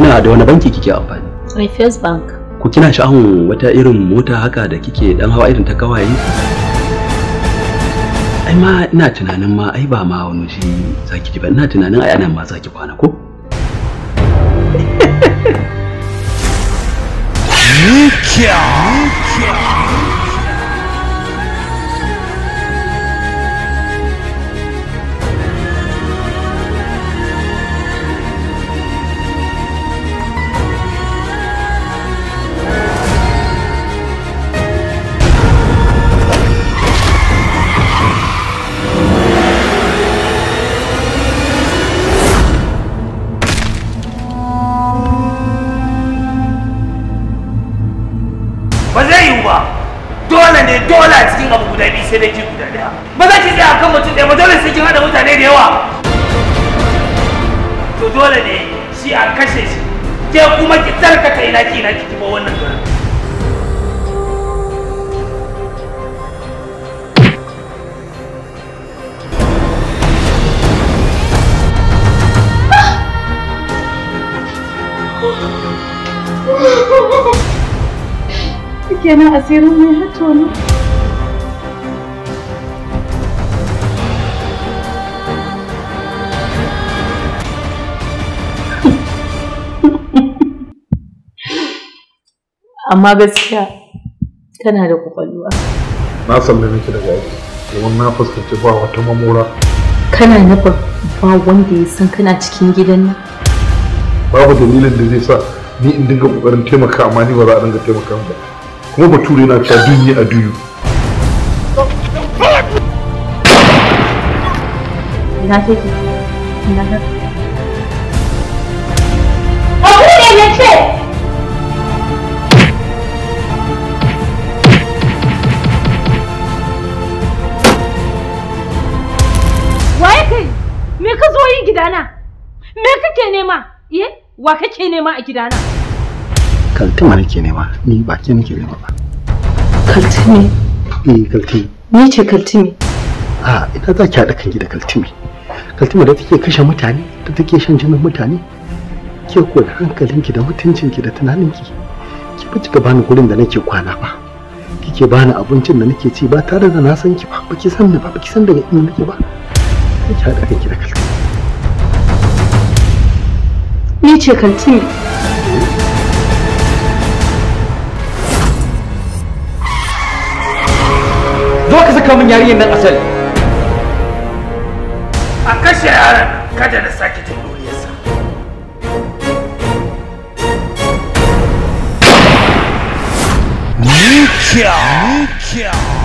kina da wani banki kike amfani i first bank ku kina sha'awun wata irin mota haka da kike dan hawa irin ta kawaye ai ma ina tunanin ma ai ba ma wani shi zaki ji ba ina tunanin ai ana ma zaki kwana ko Nikya! Nikya! dole ne dole a cikin abu guda biyu sai dai ki guda daya ba za ki tsaya kan mutum ɗaya ba dole sai kin haɗa mutane da yawa to dole ne shi a kashe shi ke kuma ki tarkata ina ki ina ki ba wannan garin Oh kenan asirin mai hato ne amma gaskiya tana da kwakwalwa na sallame ki daga aiki domin na fuskanci ba wata mamura. kana nufin ba wanda ya san kana cikin gidan nan babu dalilin da zai sa ni in dinga kokarin taimaka amma ni ba za a dinga taimaka ba kuma bature na cewa dunyi a duyu na take na ga abu ne ya ce Me ka zo yi gidana? Me kake nema? Iye, eh, wa kake nema a gidana? kaltima nake nema ni ba ke nake nema ba kaltimi eh kaltimi ni ce kaltimi a ina za ki haɗa kanki da kaltimi kaltimi da take kashe mutane da take shan jinin mutane ke ko da hankalinki da mutuncinki da tunaninki ki ba ki bani gurin da nake kwana ba kike bani abincin da nake ci ba tare da na san ki ba baki san ni ba baki san daga ina nake ba ki haɗa kanki da kaltimi ni ce kaltimi ɗauka min yarinyar nan asal a kashe yaran kada da sake jin duniyarsa Nukiya! Nukiya!